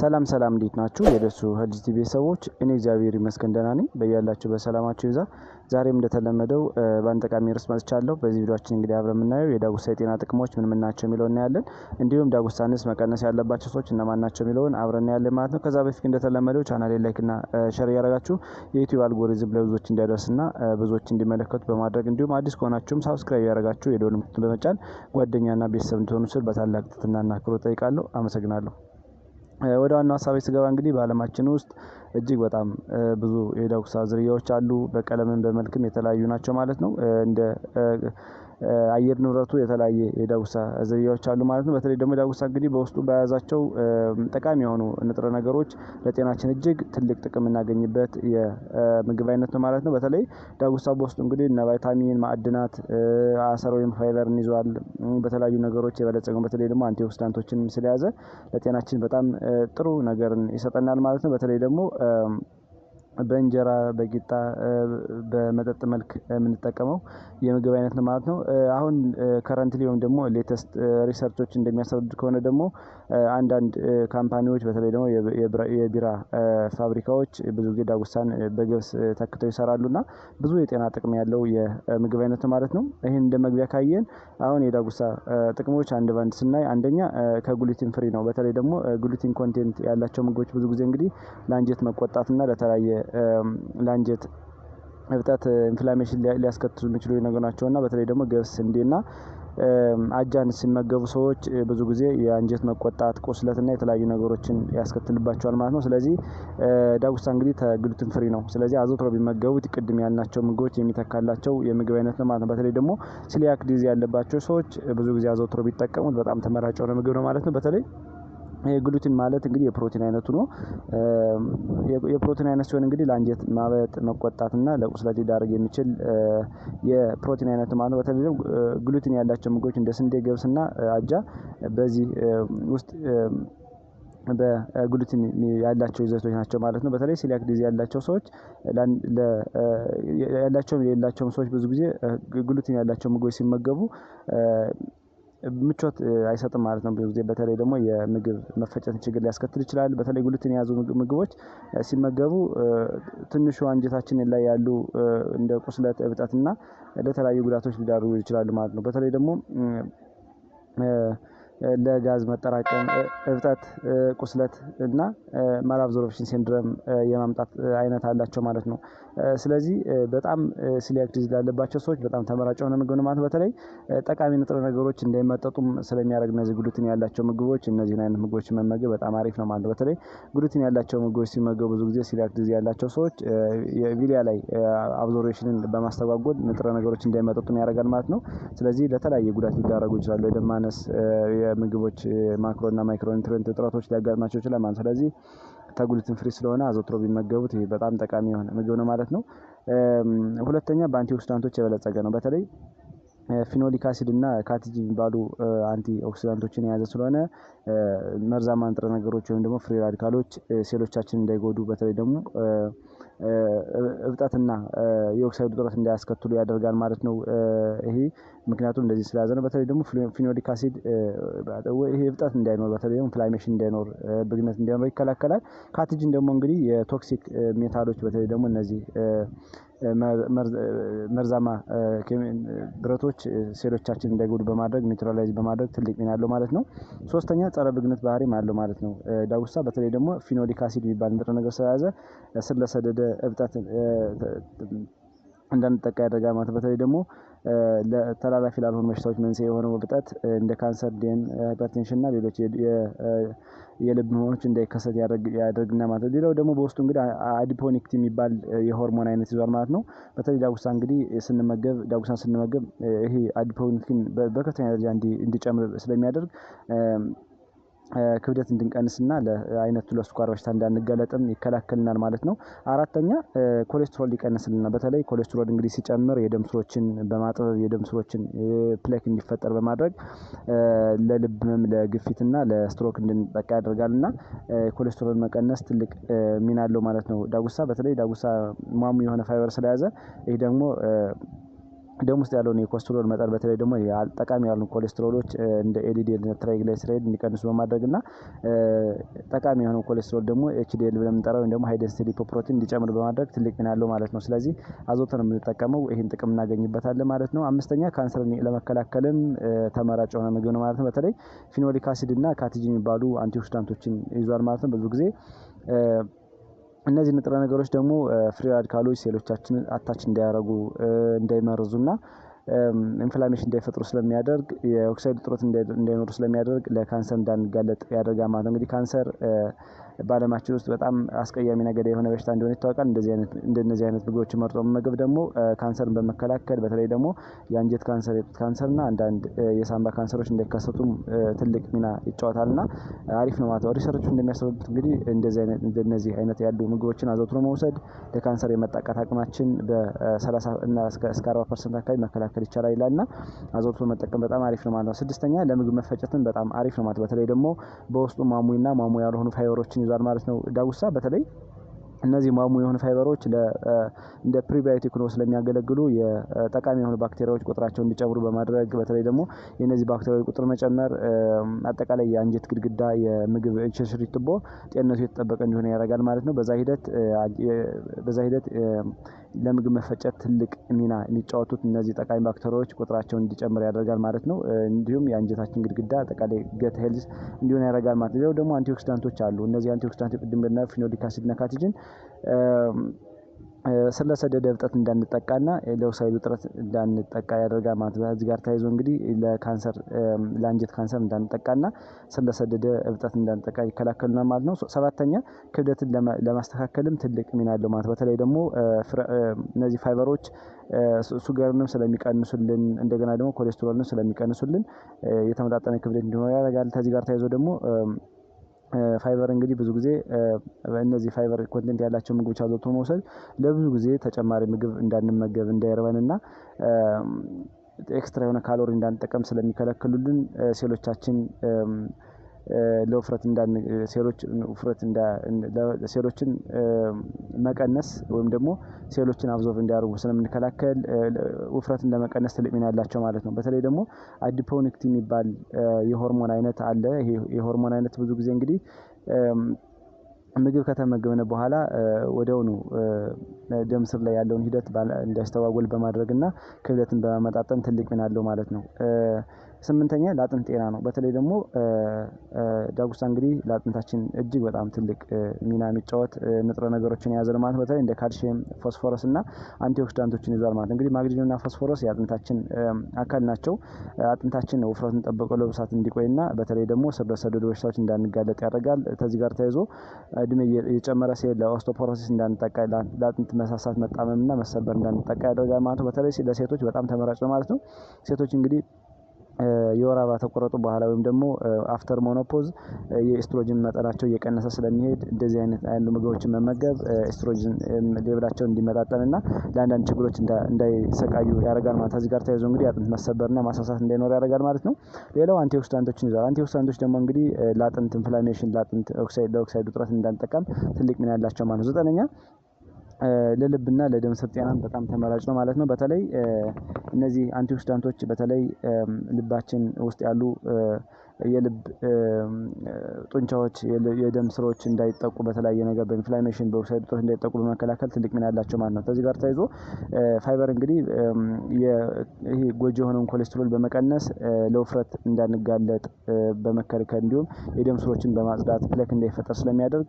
ሰላም ሰላም፣ እንዴት ናችሁ? የደሱ ሄልዝ ቲቪ ቤተሰቦች፣ እኔ እግዚአብሔር ይመስገን ደህና ነኝ። በያላችሁ በሰላማችሁ ይዛ ዛሬም እንደተለመደው በአንድ ጠቃሚ ርዕስ መጥቻለሁ። በዚህ ቪዲዮችን እንግዲህ አብረን የምናየው የዳጉሳ የጤና ጥቅሞች ምን ምን ናቸው የሚለውን እናያለን። እንዲሁም ዳጉሳንስ መቀነስ ያለባቸው ሰዎች እነማን ናቸው የሚለውን አብረን እናያለን ማለት ነው። ከዛ በፊት እንደተለመደው ቻናሌ ላይክና ሸር እያደረጋችሁ የዩቲዩብ አልጎሪዝም ለብዙዎች እንዲያደርስና ብዙዎች እንዲመለከቱ በማድረግ እንዲሁም አዲስ ከሆናችሁም ሳብስክራይብ ያደረጋችሁ የደወል ምልክቱን በመጫን ጓደኛና ቤተሰብ እንድትሆኑ ስል በታላቅ ትህትናና አክብሮት ጠይቃለሁ። አመሰግናለሁ። ወደ ዋናው ሀሳቤ ስገባ እንግዲህ በአለማችን ውስጥ እጅግ በጣም ብዙ የዳጉሳ ዝርያዎች አሉ። በቀለምም በመልክም የተለያዩ ናቸው ማለት ነው። እንደ አየር ንብረቱ የተለያየ የዳጉሳ ዝርያዎች አሉ ማለት ነው። በተለይ ደግሞ ዳጉሳ እንግዲህ በውስጡ በያዛቸው ጠቃሚ የሆኑ ንጥረ ነገሮች ለጤናችን እጅግ ትልቅ ጥቅም እናገኝበት የምግብ አይነት ነው ማለት ነው። በተለይ ዳጉሳ በውስጡ እንግዲህ እነ ቫይታሚን፣ ማዕድናት፣ አሰር ወይም ፋይበርን ይዟል። በተለያዩ ነገሮች የበለጸገው በተለይ ደግሞ አንቲ ስለያዘ ለጤናችን በጣም ጥሩ ነገርን ይሰጠናል ማለት ነው። በተለይ ደግሞ um, በእንጀራ በቂጣ በመጠጥ መልክ የምንጠቀመው የምግብ አይነት ነው ማለት ነው። አሁን ከረንትሊ ወይም ደግሞ ሌተስት ሪሰርቾች እንደሚያስረዱት ከሆነ ደግሞ አንዳንድ ካምፓኒዎች በተለይ ደግሞ የቢራ ፋብሪካዎች ብዙ ጊዜ ዳጉሳን በገብስ ተክተው ይሰራሉ እና ብዙ የጤና ጥቅም ያለው የምግብ አይነት ነው ማለት ነው። ይህን እንደ መግቢያ ካየን አሁን የዳጉሳ ጥቅሞች አንድ በአንድ ስናይ አንደኛ ከጉሊቲን ፍሪ ነው። በተለይ ደግሞ ጉሊቲን ኮንቴንት ያላቸው ምግቦች ብዙ ጊዜ እንግዲህ ለአንጀት መቆጣትና ለተለያየ ለአንጀት እብጠት ኢንፍላሜሽን ሊያስከትሉ የሚችሉ ነገር ናቸው እና በተለይ ደግሞ ገብስ ስንዴና አጃን ሲመገቡ ሰዎች ብዙ ጊዜ የአንጀት መቆጣት፣ እና የተለያዩ ነገሮችን ያስከትልባቸዋል ማለት ነው። ስለዚህ ዳጉሳ እንግዲህ ተግሉትን ፍሪ ነው። ስለዚህ አዘውትረው ቢመገቡት ቅድም ያልናቸው ምግቦች የሚተካላቸው የምግብ አይነት ነው ማለት ነው። በተለይ ደግሞ ሲሊያክ ዲዚዝ ያለባቸው ሰዎች ብዙ ጊዜ አዘውትረው ቢጠቀሙት በጣም ተመራጭ የሆነ ምግብ ነው ማለት ነው። በተለይ የግሉቲን ማለት እንግዲህ የፕሮቲን አይነቱ ነው። የፕሮቲን አይነት ሲሆን እንግዲህ ለአንጀት ማበጥ መቆጣትና ለቁስለት ሊዳርግ የሚችል የፕሮቲን አይነት ማለት ነው። በተለይ ግሉቲን ያላቸው ምግቦች እንደ ስንዴ፣ ገብስና አጃ በዚህ ውስጥ በግሉቲን ያላቸው ይዘቶች ናቸው ማለት ነው። በተለይ ሲሊያክ ዲዚ ያላቸው ሰዎች ያላቸውም የሌላቸውም ሰዎች ብዙ ጊዜ ግሉቲን ያላቸው ምግቦች ሲመገቡ ምቾት አይሰጥም ማለት ነው። ብዙ ጊዜ በተለይ ደግሞ የምግብ መፈጨትን ችግር ሊያስከትል ይችላል። በተለይ ጉልትን የያዙ ምግቦች ሲመገቡ ትንሹ አንጀታችን ላይ ያሉ እንደ ቁስለት እብጠት ለተለያዩ ጉዳቶች ሊዳርጉ ይችላሉ ማለት ነው። በተለይ ደግሞ ለጋዝ መጠራቀም፣ እብጠት፣ ቁስለት እና ማልአብዞርፕሽን ሲንድረም የማምጣት አይነት አላቸው ማለት ነው። ስለዚህ በጣም ሲሊያክ ዲዚዝ ላለባቸው ሰዎች በጣም ተመራጭ የሆነ ምግብ ማለት በተለይ ጠቃሚ ንጥረ ነገሮች እንዳይመጠጡም ስለሚያደርግ እነዚህ ግሉቲን ያላቸው ምግቦች እነዚህን አይነት ምግቦች መመገብ በጣም አሪፍ ነው ማለት ነው። በተለይ ግሉቲን ያላቸው ምግቦች ሲመገቡ ብዙ ጊዜ ሲሊያክ ዲዚዝ ያላቸው ሰዎች ቪሊያ ላይ አብዞርፕሽንን በማስተጓጎል ንጥረ ነገሮች እንዳይመጠጡም ያደርጋል ማለት ነው። ስለዚህ ለተለያየ ጉዳት ሊዳረጉ ይችላሉ። የደም ማነስ የምግቦች ማክሮና ማይክሮ ኒውትሪየንት እጥረቶች ሊያጋጥማቸው ይችላል ማለት ስለዚህ ተጉልትን ፍሪ ስለሆነ አዘውትሮ ቢመገቡት ይህ በጣም ጠቃሚ የሆነ ምግብ ነው ማለት ነው። ሁለተኛ በአንቲ ኦክሲዳንቶች የበለጸገ ነው። በተለይ ፊኖሊክ አሲድ እና ካቲጂ የሚባሉ አንቲ ኦክሲዳንቶችን የያዘ ስለሆነ መርዛማ ንጥረ ነገሮች ወይም ደግሞ ፍሪ ራዲካሎች ሴሎቻችን እንዳይጎዱ በተለይ ደግሞ እብጠትና የኦክሳይድ ውጥረት እንዳያስከትሉ ያደርጋል ማለት ነው። ይሄ ምክንያቱም እንደዚህ ስለያዘ ነው። በተለይ ደግሞ ፊኖሊክ አሲድ ይሄ እብጠት እንዳይኖር በተለይ ደግሞ ፍላሜሽን እንዳይኖር ብግነት እንዳይኖር ይከላከላል። ካትጅን ደግሞ እንግዲህ የቶክሲክ ሜታሎች በተለይ ደግሞ እነዚህ መርዛማ ብረቶች ሴሎቻችን እንዳይጎዱ በማድረግ ኒውትራላይዝ በማድረግ ትልቅ ሚና አለው ማለት ነው። ሶስተኛ ጸረ ብግነት ባህሪም አለው ማለት ነው። ዳጉሳ በተለይ ደግሞ ፊኖሊክ አሲድ የሚባል ንጥረ ነገር ስለያዘ ስር ለሰደደ እብጠት እንዳንጠቃ ያደርጋል ማለት በተለይ ደግሞ ተላላፊ ላልሆኑ በሽታዎች መንስኤ የሆነው እብጠት እንደ ካንሰር፣ ደም፣ ሃይፐርቴንሽን እና ሌሎች የልብ ህመሞች እንዳይከሰት ያደርግና ማለት ነው። ሌላው ደግሞ በውስጡ እንግዲህ አዲፖኒክት የሚባል የሆርሞን አይነት ይዟል ማለት ነው። በተለይ ዳጉሳ እንግዲህ ስንመገብ ዳጉሳን ስንመገብ ይሄ አዲፖኔክቲን በከፍተኛ ደረጃ እንዲጨምር ስለሚያደርግ ክብደት እንድንቀንስና ለአይነቱ ለስኳር በሽታ እንዳንገለጥም ይከላከልናል ማለት ነው። አራተኛ ኮሌስትሮል ሊቀንስልና በተለይ ኮሌስትሮል እንግዲህ ሲጨምር የደም ስሮችን በማጥበብ የደም ስሮችን ፕሌክ እንዲፈጠር በማድረግ ለልብም ለግፊትና ለስትሮክ እንድንጠቃ ያደርጋልና ኮሌስትሮል መቀነስ ትልቅ ሚና አለው ማለት ነው። ዳጉሳ በተለይ ዳጉሳ ሟሙ የሆነ ፋይበር ስለያዘ ይህ ደግሞ ደም ውስጥ ያለውን የኮስትሮል መጠን በተለይ ደግሞ ጠቃሚ ያሉ ኮሌስትሮሎች እንደ ኤልዲኤል ትራይግሊሰራይድ እንዲቀንሱ በማድረግ እና ጠቃሚ የሆነው ኮሌስትሮል ደግሞ ኤችዲኤል ብለን የምንጠራው ወይም ደግሞ ሃይ ሊፖፕሮቲን እንዲጨምር በማድረግ ትልቅ ሚና ያለው ማለት ነው። ስለዚህ አዘውተን የምንጠቀመው ይህን ጥቅም እናገኝበታለን ማለት ነው። አምስተኛ ካንሰርን ለመከላከልም ተመራጭ የሆነ ምግብ ነው ማለት ነው። በተለይ ፊኖሊክ አሲድ እና ካቲጅን የሚባሉ አንቲኦክሲዳንቶችን ይዟል ማለት ነው ብዙ ጊዜ እነዚህ ንጥረ ነገሮች ደግሞ ፍሪ ራዲካሎች ሴሎቻችን አታች እንዳያረጉ እንዳይመርዙና ኢንፍላሜሽን እንዳይፈጥሩ ስለሚያደርግ የኦክሳይድ ጥሮት እንዳይኖሩ ስለሚያደርግ ለካንሰር እንዳንጋለጥ ያደርጋል ማለት ነው። እንግዲህ ካንሰር በዓለማችን ውስጥ በጣም አስቀያሚ ነገር የሆነ በሽታ እንደሆነ ይታወቃል። እንደነዚህ አይነት ምግቦች መርጦ መመገብ ደግሞ ካንሰርን በመከላከል በተለይ ደግሞ የአንጀት ካንሰር፣ የጡት ካንሰር እና አንዳንድ የሳምባ ካንሰሮች እንዳይከሰቱም ትልቅ ሚና ይጫወታል እና አሪፍ ነው ማለት ነው። ሪሰርቾች እንደሚያስረዱት እንግዲህ እንደነዚህ አይነት ያሉ ምግቦችን አዘውትሮ መውሰድ ለካንሰር የመጠቃት አቅማችን በ30 እና እስከ 40 ፐርሰንት አካባቢ መከላከል ማስተካከል ይቻላል ይላል ና አዘውትሮ መጠቀም በጣም አሪፍ ነው ማለት ነው። ስድስተኛ ለምግብ መፈጨትን በጣም አሪፍ ነው ማለት በተለይ ደግሞ በውስጡ ና ማሙይ ያልሆኑ ፋይበሮችን ይዟል ማለት ነው። ዳጉሳ በተለይ እነዚህ ማሙ የሆኑ ፋይበሮች እንደ ፕሪባዮቲክ ነው ስለሚያገለግሉ የጠቃሚ የሆኑ ባክቴሪያዎች ቁጥራቸው እንዲጨምሩ በማድረግ በተለይ ደግሞ የእነዚህ ባክቴሪያዎች ቁጥር መጨመር አጠቃላይ የአንጀት ግድግዳ፣ የምግብ ሽርሽሪት ቱቦ ጤንነቱ የተጠበቀ እንዲሆን ያደርጋል ማለት ነው። በዛ ሂደት ለምግብ መፈጨት ትልቅ ሚና የሚጫወቱት እነዚህ ጠቃሚ ባክቴሪያዎች ቁጥራቸውን እንዲጨምር ያደርጋል ማለት ነው። እንዲሁም የአንጀታችን ግድግዳ አጠቃላይ ገት ሄልዝ እንዲሆን ያደርጋል ማለት ነው። ደግሞ አንቲኦክሲዳንቶች አሉ። እነዚህ አንቲኦክሲዳንት ቅድም ብናየው ፊኖሊክ አሲድና ካቲጅን ስለ ሰደደ እብጠት እንዳንጠቃና ለውሳይድ ውጥረት እንዳንጠቃ ያደርጋል ማለት ነው። ጋር ተያይዞ እንግዲህ ለካንሰር ለአንጀት ካንሰር እንዳንጠቃና ስለ ሰደደ እብጠት እንዳንጠቃ ይከላከሉናል ማለት ነው። ሰባተኛ ክብደትን ለማስተካከልም ትልቅ ሚና አለው ማለት በተለይ ደግሞ እነዚህ ፋይበሮች ሱገርንም ስለሚቀንሱልን እንደገና ደግሞ ኮሌስትሮልንም ስለሚቀንሱልን የተመጣጠነ ክብደት እንዲኖር ያደርጋል። ከዚህ ጋር ተያይዞ ደግሞ ፋይበር እንግዲህ ብዙ ጊዜ እነዚህ ፋይበር ኮንቴንት ያላቸው ምግቦች አዘውቶ መውሰድ ለብዙ ጊዜ ተጨማሪ ምግብ እንዳንመገብ እንዳይርበንና ኤክስትራ የሆነ ካሎሪ እንዳንጠቀም ስለሚከለክሉልን ሴሎቻችን ለውፍረት ሴሎች ሴሎችን መቀነስ ወይም ደግሞ ሴሎችን አብዞርቭ እንዲያደርጉ ስለምንከላከል ውፍረትን ለመቀነስ ትልቅ ሚና ያላቸው ማለት ነው። በተለይ ደግሞ አዲፖኒክት የሚባል የሆርሞን አይነት አለ። የሆርሞን አይነት ብዙ ጊዜ እንግዲህ ምግብ ከተመገብን በኋላ ወደውኑ ደም ስር ላይ ያለውን ሂደት በማድረግ በማድረግና ክብደትን በማመጣጠን ትልቅ ሚና አለው ማለት ነው። ስምንተኛ ለአጥንት ጤና ነው። በተለይ ደግሞ ዳጉሳ እንግዲህ ለአጥንታችን እጅግ በጣም ትልቅ ሚና የሚጫወት ንጥረ ነገሮችን የያዘል ማለት በተለይ እንደ ካልሽየም፣ ፎስፎረስ እና አንቲኦክሲዳንቶችን ይዟል ማለት እንግዲህ እና ፎስፎረስ የአጥንታችን አካል ናቸው። አጥንታችን ውፍረቱን ጠብቆ ለብሳት እንዲቆይና በተለይ ደግሞ ስር በሽታዎች እንዳንጋለጥ ያደርጋል። ከዚህ ጋር ተያይዞ እድሜ የጨመረ ሲሄድ ለኦስቶፖሮሲስ እንዳንጠቃ፣ ለአጥንት መሳሳት መጣመምና መሰበር እንዳንጠቃ ያደርጋል ማለት ነው። በተለይ ለሴቶች በጣም ተመራጭ ነው ማለት ነው። ሴቶች እንግዲህ የወር አበባ ተቆረጡ በኋላ ወይም ደግሞ አፍተር ሞኖፖዝ የኤስትሮጅን መጠናቸው እየቀነሰ ስለሚሄድ እንደዚህ አይነት ያሉ ምግቦችን መመገብ ኤስትሮጅን ሌብላቸው እንዲመጣጠንና ለአንዳንድ ችግሮች እንዳይሰቃዩ ያደርጋል ማለት ከዚህ ጋር ተያይዞ እንግዲህ አጥንት መሰበርና ማሳሳት እንዳይኖር ያደርጋል ማለት ነው። ሌላው አንቲኦክሲዳንቶችን ይዟል። አንቲኦክሲዳንቶች ደግሞ እንግዲህ ለአጥንት ኢንፍላሜሽን ለአጥንት ኦክሳይድ ለኦክሳይድ ውጥረት እንዳንጠቀም ትልቅ ሚና ያላቸው ማለት ነው። ዘጠነኛ ለልብና ለደም ስር ጤናም በጣም ተመራጭ ነው ማለት ነው። በተለይ እነዚህ አንቲኦክሲዳንቶች በተለይ ልባችን ውስጥ ያሉ የልብ ጡንቻዎች የደም ስሮች እንዳይጠቁ በተለያየ ነገር በኢንፍላሜሽን በኦክሳይድ እጦት እንዳይጠቁ በመከላከል ትልቅ ሚና ያላቸው ማለት ነው። ከዚህ ጋር ተያይዞ ፋይበር እንግዲህ ይሄ ጎጂ የሆነውን ኮሌስትሮል በመቀነስ ለውፍረት እንዳንጋለጥ በመከልከል እንዲሁም የደም ስሮችን በማጽዳት ፕለክ እንዳይፈጠር ስለሚያደርግ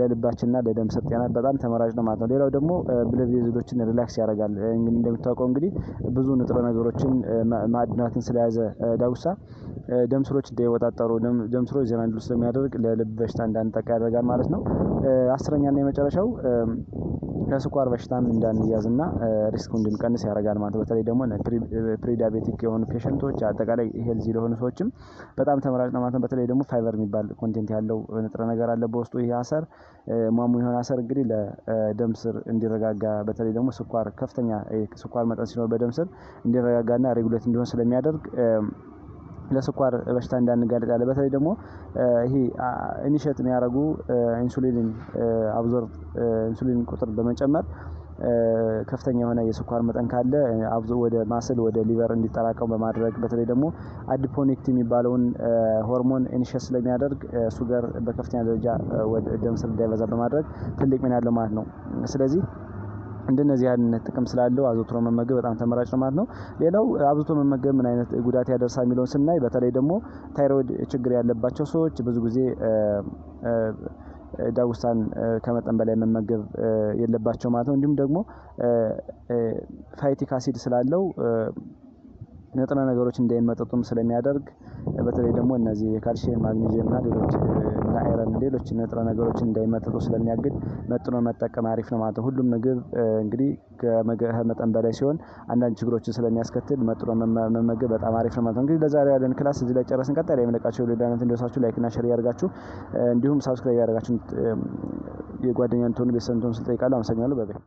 ለልባችንና ለደም ስር ጤና በጣም ተመራጭ ነው ማለት ነው። ሌላው ደግሞ ብለድ ቬዝሎችን ሪላክስ ያደርጋል። እንደሚታወቀው እንግዲህ ብዙ ንጥረ ነገሮችን ማዕድናትን ስለያዘ ዳጉሳ ደም ስሮች እንዳይወጣጠሩ ደም ስሮች እንዲሉ ስለሚያደርግ ለልብ በሽታ እንዳንጠቃ ያደርጋል ማለት ነው። አስረኛና የመጨረሻው ለስኳር በሽታም እንዳንያዝና ሪስኩ እንድንቀንስ ያደርጋል ማለት በተለይ ደግሞ ፕሪዳቤቲክ የሆኑ ፔሽንቶች አጠቃላይ ሄልዚ ለሆኑ ሰዎችም በጣም ተመራጭ ነው ማለት ነው። በተለይ ደግሞ ፋይበር የሚባል ኮንቴንት ያለው ንጥረ ነገር አለ በውስጡ ይህ አሰር ሟሙ የሆነ አሰር እንግዲህ ለደም ስር እንዲረጋጋ በተለይ ደግሞ ስኳር ከፍተኛ ስኳር መጠን ሲኖር በደም ስር እንዲረጋጋና ሬጉሌት እንዲሆን ስለሚያደርግ ለስኳር በሽታ እንዳንጋለጣለን። በተለይ ደግሞ ይሄ ኢኒሼት የሚያደርጉ ኢንሱሊን አብዞርብ ኢንሱሊን ቁጥር በመጨመር ከፍተኛ የሆነ የስኳር መጠን ካለ አብዞ ወደ ማስል ወደ ሊቨር እንዲጠራቀሙ በማድረግ በተለይ ደግሞ አዲፖኔክት የሚባለውን ሆርሞን ኢኒሽስ ስለሚያደርግ ሱገር በከፍተኛ ደረጃ ወደ ደም ስር እንዳይበዛ በማድረግ ትልቅ ሚና ያለው ማለት ነው። ስለዚህ እንደነዚህ አይነት ጥቅም ስላለው አዘውትሮ መመገብ በጣም ተመራጭ ነው ማለት ነው። ሌላው አብዝቶ መመገብ ምን አይነት ጉዳት ያደርሳል የሚለውን ስናይ በተለይ ደግሞ ታይሮይድ ችግር ያለባቸው ሰዎች ብዙ ጊዜ ዳጉሳን ከመጠን በላይ መመገብ የለባቸው ማለት ነው። እንዲሁም ደግሞ ፋይቲክ አሲድ ስላለው ንጥረ ነገሮች እንዳይመጠጡም ስለሚያደርግ በተለይ ደግሞ እነዚህ የካልሽየም ማግኔዥየም ሌሎች እና አይረን ሌሎች ንጥረ ነገሮች እንዳይመጥጡ ስለሚያግድ መጥኖ መጠቀም አሪፍ ነው ማለት ነው። ሁሉም ምግብ እንግዲህ ከመገህ መጠን በላይ ሲሆን አንዳንድ ችግሮችን ስለሚያስከትል መጥኖ መመገብ በጣም አሪፍ ነው ማለት ነው። እንግዲህ ለዛሬ ያለን ክላስ እዚህ ላይ ጨረስን። ቀጣይ የምንለቃቸው ሌላ አይነት እንዲወሳችሁ ላይክና ሸር ያደርጋችሁ እንዲሁም ሳብስክራይብ ያደርጋችሁ የጓደኛን ንትሆኑ ቤተሰብ ንትሆኑ ስጠይቃለሁ። አመሰግናለሁ። በበይ